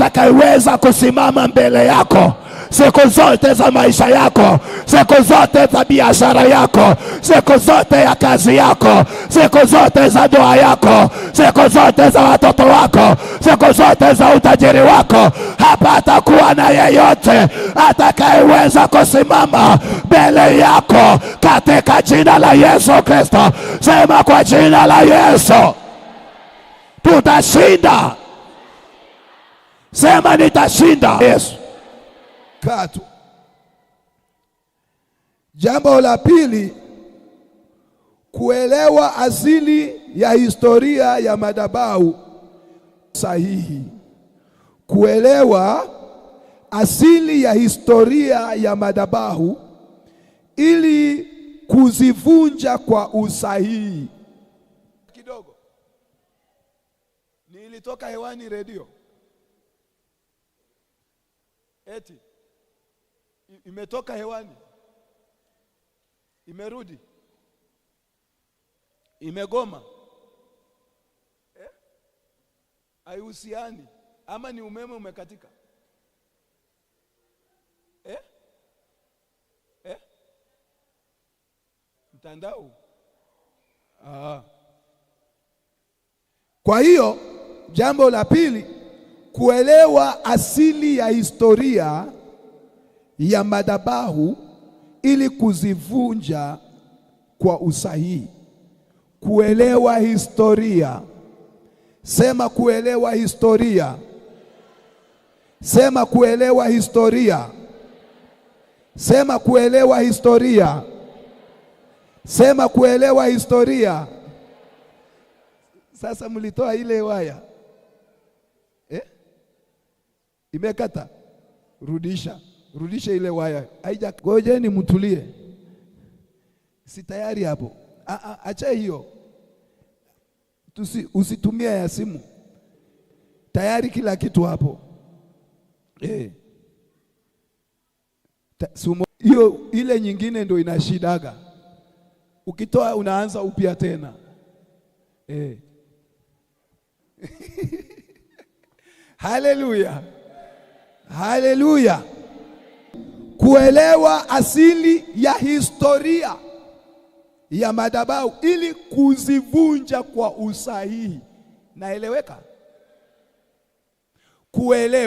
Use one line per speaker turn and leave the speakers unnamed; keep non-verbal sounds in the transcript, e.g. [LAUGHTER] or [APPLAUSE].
atakayeweza kusimama mbele yako siku zote za maisha yako, siku zote za biashara yako, siku zote ya kazi yako, siku zote za ndoa yako, siku zote za watoto wako, siku zote za utajiri wako. Hapa atakuwa na yeyote atakayeweza kusimama mbele yako katika jina la Yesu Kristo. Sema kwa jina la Yesu tutashinda. Sema nitashinda. Yesu
katu. Jambo la pili, kuelewa asili ya historia ya madhabahu sahihi. Kuelewa asili ya historia ya madhabahu ili kuzivunja kwa usahihi.
Kidogo nilitoka hewani redio eti imetoka hewani, imerudi, imegoma eh? ama ni umeme umekatika eh? Eh? Mtandao.
ah. Kwa hiyo jambo la pili kuelewa asili ya historia ya madhabahu ili kuzivunja kwa usahihi. Kuelewa historia, sema kuelewa historia, sema kuelewa historia, sema kuelewa historia, sema kuelewa historia.
Sasa mlitoa ile waya imekata, rudisha, rudisha ile waya. Haija, gojeni mtulie, si tayari hapo. Acha hiyo, usitumia ya simu, tayari kila kitu hapo eh. Hiyo ile nyingine ndio inashidaga, ukitoa unaanza upya tena eh. [LAUGHS] Haleluya! Haleluya! Kuelewa asili ya historia ya madhabahu ili kuzivunja kwa usahihi. Naeleweka? Kuelewa